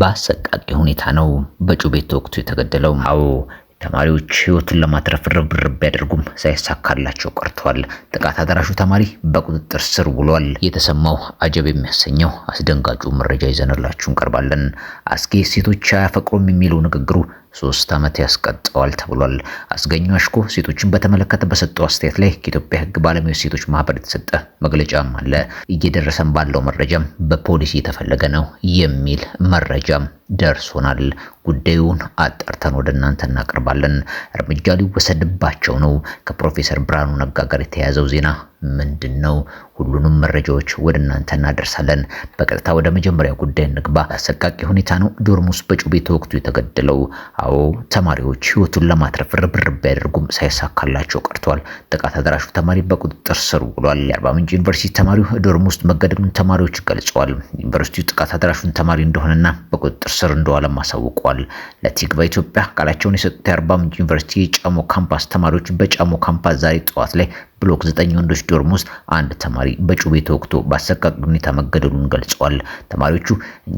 በአሰቃቂ ሁኔታ ነው በጩቤ ተወቅቶ የተገደለው። አዎ ተማሪዎች ህይወትን ለማትረፍ ርብርብ ቢያደርጉም ሳይሳካላቸው ቀርተዋል። ጥቃት አድራሹ ተማሪ በቁጥጥር ስር ውሏል። የተሰማው አጀብ የሚያሰኘው አስደንጋጩ መረጃ ይዘንላችሁ እንቀርባለን። አስጌ ሴቶች አያፈቅሩም የሚለው ንግግሩ ሶስት ዓመት ያስቀጠዋል ተብሏል። አስገኙ አሽኮ ሴቶችን በተመለከተ በሰጠው አስተያየት ላይ ከኢትዮጵያ ህግ ባለሙያ ሴቶች ማህበር የተሰጠ መግለጫም አለ። እየደረሰን ባለው መረጃም በፖሊሲ የተፈለገ ነው የሚል መረጃም ደርሶናል። ጉዳዩን አጣርተን ወደ እናንተ እናቀርባለን። እርምጃ ሊወሰድባቸው ነው። ከፕሮፌሰር ብርሃኑ ነጋ ጋር የተያያዘው ዜና ምንድን ነው? ሁሉንም መረጃዎች ወደ እናንተ እናደርሳለን። በቀጥታ ወደ መጀመሪያ ጉዳይ እንግባ። አሰቃቂ ሁኔታ ነው። ዶርም ውስጥ በጩቤ ተወግቶ የተገደለው። አዎ ተማሪዎች ህይወቱን ለማትረፍ ርብርብ ቢያደርጉም ሳይሳካላቸው ቀርተዋል። ጥቃት አድራሹ ተማሪ በቁጥጥር ስር ውሏል። የአርባ ምንጭ ዩኒቨርሲቲ ተማሪው ዶርም ውስጥ መገደሉን ተማሪዎች ገልጸዋል። ዩኒቨርሲቲው ጥቃት አድራሹን ተማሪ እንደሆነና በቁጥጥር ስር እንደዋለም አሳውቋል። ለቲግባ ኢትዮጵያ ቃላቸውን የሰጡት የአርባ ምንጭ ዩኒቨርሲቲ የጫሞ ካምፓስ ተማሪዎች በጫሞ ካምፓስ ዛሬ ጠዋት ላይ ብሎክ ዘጠኝ ወንዶች ዶርም ውስጥ አንድ ተማሪ በጩቤ ተወግቶ በአሰቃቂ ሁኔታ መገደሉን ገልጸዋል። ተማሪዎቹ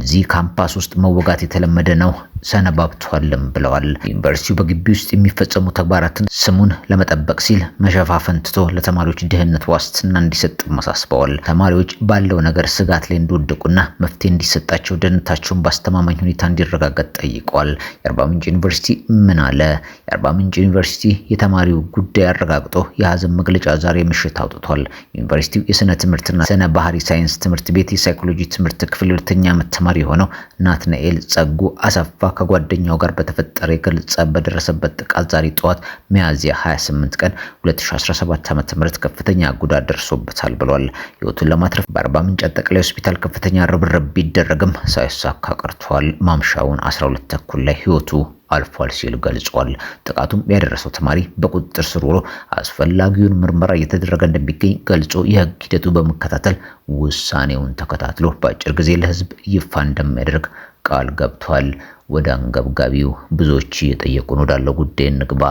እዚህ ካምፓስ ውስጥ መወጋት የተለመደ ነው ሰነባብቷልም ብለዋል። ዩኒቨርሲቲው በግቢ ውስጥ የሚፈጸሙ ተግባራትን ስሙን ለመጠበቅ ሲል መሸፋፈን ትቶ ለተማሪዎች ደህንነት ዋስትና እንዲሰጥ አሳስበዋል። ተማሪዎች ባለው ነገር ስጋት ላይ እንዲወደቁና መፍትሄ እንዲሰጣቸው ደህንነታቸውን በአስተማማኝ ሁኔታ እንዲረጋገጥ ጠይቋል። የአርባ ምንጭ ዩኒቨርሲቲ ምን አለ? የአርባ ምንጭ ዩኒቨርሲቲ የተማሪው ጉዳይ አረጋግጦ የሀዘን መግለጫ ዛሬ ምሽት አውጥቷል። ዩኒቨርሲቲው የስነ ትምህርትና ስነ ባህሪ ሳይንስ ትምህርት ቤት የሳይኮሎጂ ትምህርት ክፍል ሁለተኛ ዓመት ተማሪ የሆነው ናትናኤል ጸጉ አሰፋ ከጓደኛው ጋር በተፈጠረ የገለጸ በደረሰበት ጥቃት ዛሬ ጠዋት ሚያዝያ 28 ቀን 2017 ዓ.ም ከፍተኛ ጉዳት ደርሶበታል ብሏል። ህይወቱን ለማትረፍ በአርባ ምንጭ አጠቃላይ ሆስፒታል ከፍተኛ ርብርብ ቢደረግም ሳይሳካ ቀርቷል። ማምሻውን 12 ተኩል ላይ ህይወቱ አልፏል ሲል ገልጿል። ጥቃቱም ያደረሰው ተማሪ በቁጥጥር ስር ውሎ አስፈላጊውን ምርመራ እየተደረገ እንደሚገኝ ገልጾ የህግ ሂደቱ በመከታተል ውሳኔውን ተከታትሎ በአጭር ጊዜ ለህዝብ ይፋ እንደሚያደርግ ቃል ገብቷል። ወደ አንገብጋቢው ብዙዎች እየጠየቁን ወዳለው ጉዳይ እንግባ።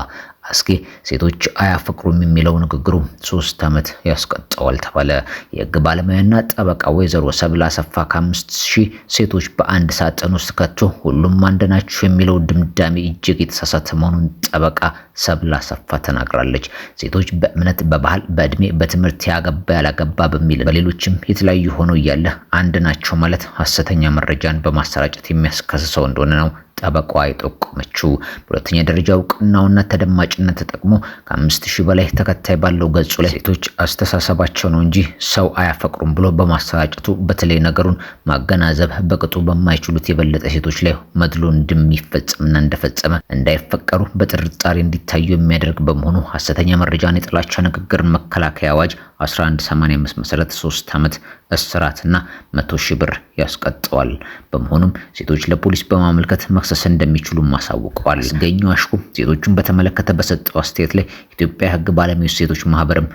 አስጌ ሴቶች አያፈቅሩም የሚለው ንግግሩ ሶስት ዓመት ያስቀጠዋል ተባለ። የሕግ ባለሙያና ጠበቃ ወይዘሮ ሰብለ አሰፋ ከአምስት ሺህ ሴቶች በአንድ ሳጥን ውስጥ ከቶ ሁሉም አንድ ናቸው የሚለው ድምዳሜ እጅግ የተሳሳተ መሆኑን ጠበቃ ሰብለ አሰፋ ተናግራለች። ሴቶች በእምነት፣ በባህል፣ በእድሜ፣ በትምህርት ያገባ ያላገባ በሚል በሌሎችም የተለያዩ ሆነው እያለ አንድ ናቸው ማለት ሀሰተኛ መረጃን በማሰራጨት የሚያስከስሰው እንደሆነ ነው ጠበቋ የጠቆመችው። በሁለተኛ ደረጃ እውቅናውና ተደማጭነት ተጠቅሞ ከአምስት ሺህ በላይ ተከታይ ባለው ገጹ ላይ ሴቶች አስተሳሰባቸው ነው እንጂ ሰው አያፈቅሩም ብሎ በማሰራጨቱ በተለይ ነገሩን ማገናዘብ በቅጡ በማይችሉት የበለጠ ሴቶች ላይ መድሎ እንደሚፈጸምና እንደፈጸመ እንዳይፈቀሩ በጥርጣሬ እንዲታዩ የሚያደርግ በመሆኑ ሀሰተኛ መረጃን፣ የጥላቻ ንግግርን መከላከያ አዋጅ 1185 መሰረት 3 ዓመት እስራትና 100 ሺህ ብር ያስቀጠዋል። በመሆኑም ሴቶች ለፖሊስ በማመልከት መክሰስ እንደሚችሉ ማሳውቀዋል። ገኘው አሽኮ ሴቶቹን በተመለከተ በሰጠው አስተያየት ላይ ኢትዮጵያ ሕግ ባለሙያዎች ሴቶች ማህበርም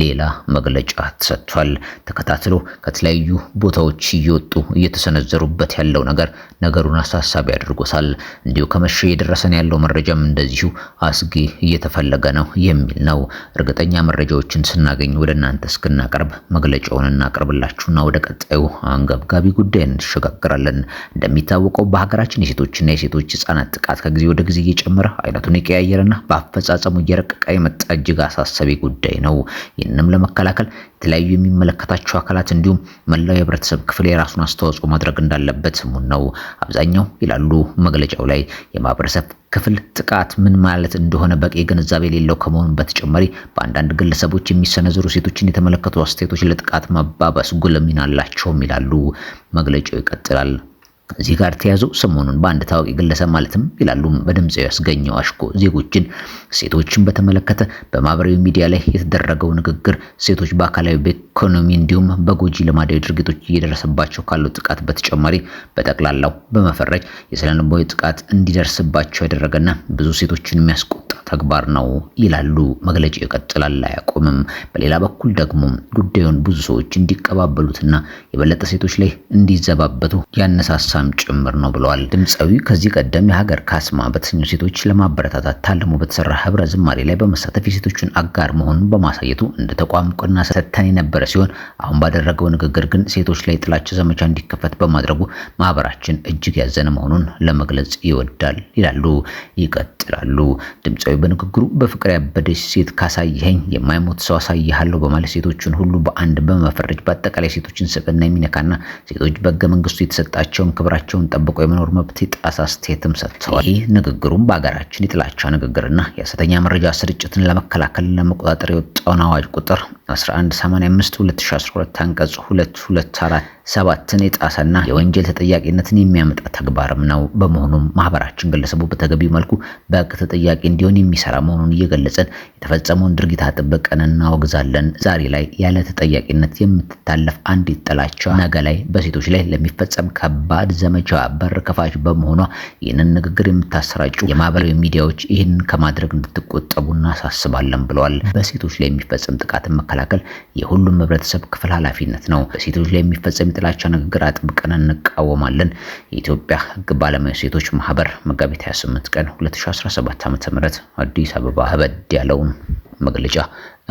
ሌላ መግለጫ ተሰጥቷል። ተከታትሎ ከተለያዩ ቦታዎች እየወጡ እየተሰነዘሩበት ያለው ነገር ነገሩን አሳሳቢ አድርጎታል። እንዲሁ ከመሸ እየደረሰን ያለው መረጃም እንደዚሁ አስጊ እየተፈለገ ነው የሚል ነው። እርግጠኛ መረጃዎችን ስናገኝ ወደ እናንተ እስክናቀርብ መግለጫውን እናቀርብላችሁና ወደ ቀጣዩ አንገብጋቢ ጉዳይ እንሸጋግራለን። እንደሚታወቀው በሀገራችን የሴቶችና የሴቶች ህጻናት ጥቃት ከጊዜ ወደ ጊዜ እየጨመረ አይነቱን የቀያየረና በአፈጻጸሙ እየረቀቀ የመጣ እጅግ አሳሳቢ ጉዳይ ነው። ይህንንም ለመከላከል የተለያዩ የሚመለከታቸው አካላት እንዲሁም መላው የህብረተሰብ ክፍል የራሱን አስተዋጽኦ ማድረግ እንዳለበት ሙን ነው አብዛኛው ይላሉ መግለጫው ላይ የማህበረሰብ ክፍል ጥቃት ምን ማለት እንደሆነ በቂ ግንዛቤ የሌለው ከመሆኑ በተጨማሪ በአንዳንድ ግለሰቦች የሚሰነዘሩ ሴቶችን የተመለከቱ አስተያየቶች ለጥቃት መባባስ ጉልህ ሚና አላቸውም ይላሉ መግለጫው ይቀጥላል። ከዚህ ጋር ተያይዞ ሰሞኑን በአንድ ታዋቂ ግለሰብ ማለትም ይላሉም በድምፃዊ ያስገኘው አሽኮ ዜጎችን ሴቶችን በተመለከተ በማህበራዊ ሚዲያ ላይ የተደረገው ንግግር ሴቶች በአካላዊ፣ በኢኮኖሚ እንዲሁም በጎጂ ልማዳዊ ድርጊቶች እየደረሰባቸው ካለው ጥቃት በተጨማሪ በጠቅላላው በመፈረጅ የስነ ልቦናዊ ጥቃት እንዲደርስባቸው ያደረገና ብዙ ሴቶችን የሚያስቆ ተግባር ነው ይላሉ። መግለጫው ይቀጥላል፣ አያቆምም። በሌላ በኩል ደግሞ ጉዳዩን ብዙ ሰዎች እንዲቀባበሉትና የበለጠ ሴቶች ላይ እንዲዘባበቱ ያነሳሳም ጭምር ነው ብለዋል። ድምፃዊ ከዚህ ቀደም የሀገር ካስማ በተሰኙ ሴቶች ለማበረታታት ታልሞ በተሰራ ህብረ ዝማሬ ላይ በመሳተፍ የሴቶችን አጋር መሆኑን በማሳየቱ እንደ ተቋም እውቅና ሰጥተን የነበረ ሲሆን አሁን ባደረገው ንግግር ግን ሴቶች ላይ ጥላቻ ዘመቻ እንዲከፈት በማድረጉ ማህበራችን እጅግ ያዘነ መሆኑን ለመግለጽ ይወዳል ይላሉ፣ ይቀጥላሉ ድምፃዊ በንግግሩ በፍቅር ያበደች ሴት ካሳየኸኝ የማይሞት ሰው አሳይሃለሁ በማለት ሴቶችን ሁሉ በአንድ በመፈረጅ በአጠቃላይ ሴቶችን ስብዕና የሚነካና ሴቶች በሕገ መንግስቱ የተሰጣቸውን ክብራቸውን ጠብቀው የመኖር መብት የጣሳ አስተያየትም ሰጥተዋል። ይህ ንግግሩም በሀገራችን የጥላቻ ንግግርና የሐሰተኛ መረጃ ስርጭትን ለመከላከል ለመቆጣጠር የወጣውን አዋጅ ቁጥር 1185 2012 አንቀጽ 224 ሰባትን የጣሰና የወንጀል ተጠያቂነትን የሚያመጣ ተግባርም ነው። በመሆኑም ማህበራችን ግለሰቡ በተገቢው መልኩ በህግ ተጠያቂ እንዲሆን የሚሰራ መሆኑን እየገለጸን የተፈጸመውን ድርጊት አጥብቀን እናወግዛለን። ዛሬ ላይ ያለ ተጠያቂነት የምትታለፍ አንዲት ጥላቻ ነገ ላይ በሴቶች ላይ ለሚፈጸም ከባድ ዘመቻ በር ከፋች በመሆኗ ይህንን ንግግር የምታሰራጩ የማህበራዊ ሚዲያዎች ይህን ከማድረግ እንድትቆጠቡ እናሳስባለን ብለዋል። በሴቶች ላይ የሚፈጸም ጥቃትን መከላከል የሁሉም ህብረተሰብ ክፍል ኃላፊነት ነው። በሴቶች ላይ የሚፈጸም የጥላቻ ንግግር አጥብቀን እንቃወማለን። የኢትዮጵያ ሕግ ባለሙያ ሴቶች ማህበር መጋቢት 28 ቀን 2017 ዓ.ም አዲስ አበባ ህበድ ያለውን መግለጫ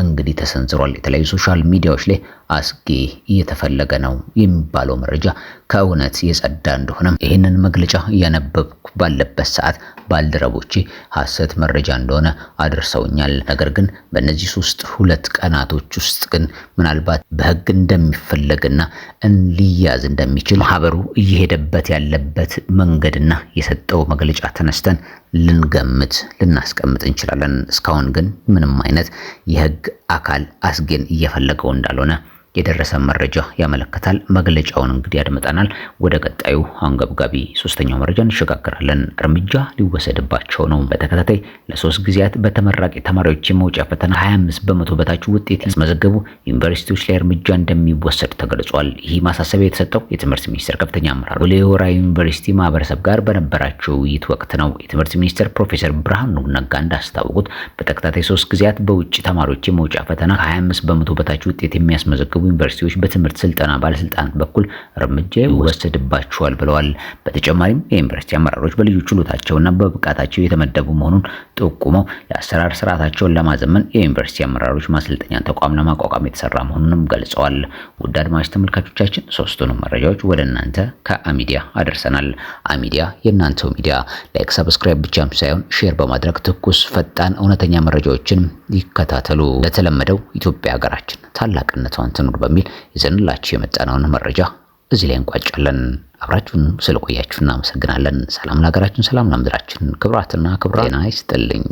እንግዲህ ተሰንዝሯል። የተለያዩ ሶሻል ሚዲያዎች ላይ አስጌ እየተፈለገ ነው የሚባለው መረጃ ከእውነት የጸዳ እንደሆነ ይህንን መግለጫ እያነበብኩ ባለበት ሰዓት ባልደረቦቼ ሐሰት መረጃ እንደሆነ አድርሰውኛል። ነገር ግን በእነዚህ ሶስት ሁለት ቀናቶች ውስጥ ግን ምናልባት በህግ እንደሚፈለግና ሊያዝ እንደሚችል ማህበሩ እየሄደበት ያለበት መንገድና የሰጠው መግለጫ ተነስተን ልንገምት ልናስቀምጥ እንችላለን። እስካሁን ግን ምንም አይነት የህግ አካል አስጌን እየፈለገው እንዳልሆነ የደረሰ መረጃ ያመለክታል። መግለጫውን እንግዲህ ያድመጠናል። ወደ ቀጣዩ አንገብጋቢ ሶስተኛው መረጃ እንሸጋግራለን። እርምጃ ሊወሰድባቸው ነው። በተከታታይ ለሶስት ጊዜያት በተመራቂ ተማሪዎች የመውጫ ፈተና 25 በመቶ በታች ውጤት ያስመዘገቡ ዩኒቨርሲቲዎች ላይ እርምጃ እንደሚወሰድ ተገልጿል። ይህ ማሳሰቢያ የተሰጠው የትምህርት ሚኒስቴር ከፍተኛ አመራር ሌሆራ ዩኒቨርሲቲ ማህበረሰብ ጋር በነበራቸው ውይይት ወቅት ነው። የትምህርት ሚኒስቴር ፕሮፌሰር ብርሃኑ ነጋ እንዳስታወቁት በተከታታይ ሶስት ጊዜያት በውጭ ተማሪዎች የመውጫ ፈተና 25 በመቶ በታች ውጤት የሚያስመዘግቡ ዩኒቨርሲቲዎች በትምህርት ስልጠና ባለስልጣናት በኩል እርምጃ ይወሰድባቸዋል ብለዋል። በተጨማሪም የዩኒቨርሲቲ አመራሮች በልዩ ችሎታቸውና በብቃታቸው የተመደቡ መሆኑን ጠቁመው የአሰራር ስርዓታቸውን ለማዘመን የዩኒቨርሲቲ አመራሮች ማሰልጠኛ ተቋም ለማቋቋም የተሰራ መሆኑንም ገልጸዋል። ውድ አድማጭ ተመልካቾቻችን ሶስቱንም መረጃዎች ወደ እናንተ ከአሚዲያ አደርሰናል። አሚዲያ የእናንተው ሚዲያ። ላይክ፣ ሰብስክራይብ ብቻም ሳይሆን ሼር በማድረግ ትኩስ፣ ፈጣን፣ እውነተኛ መረጃዎችን ይከታተሉ። ለተለመደው ኢትዮጵያ ሀገራችን ታላቅነቷን ትኑር። በሚል ይዘንላችሁ የመጣነውን መረጃ እዚህ ላይ እንቋጫለን። አብራችሁን ስለቆያችሁ እናመሰግናለን። ሰላም ለሀገራችን፣ ሰላም ለምድራችን። ክብራትና ክብራ ጤና ይስጥልኝ።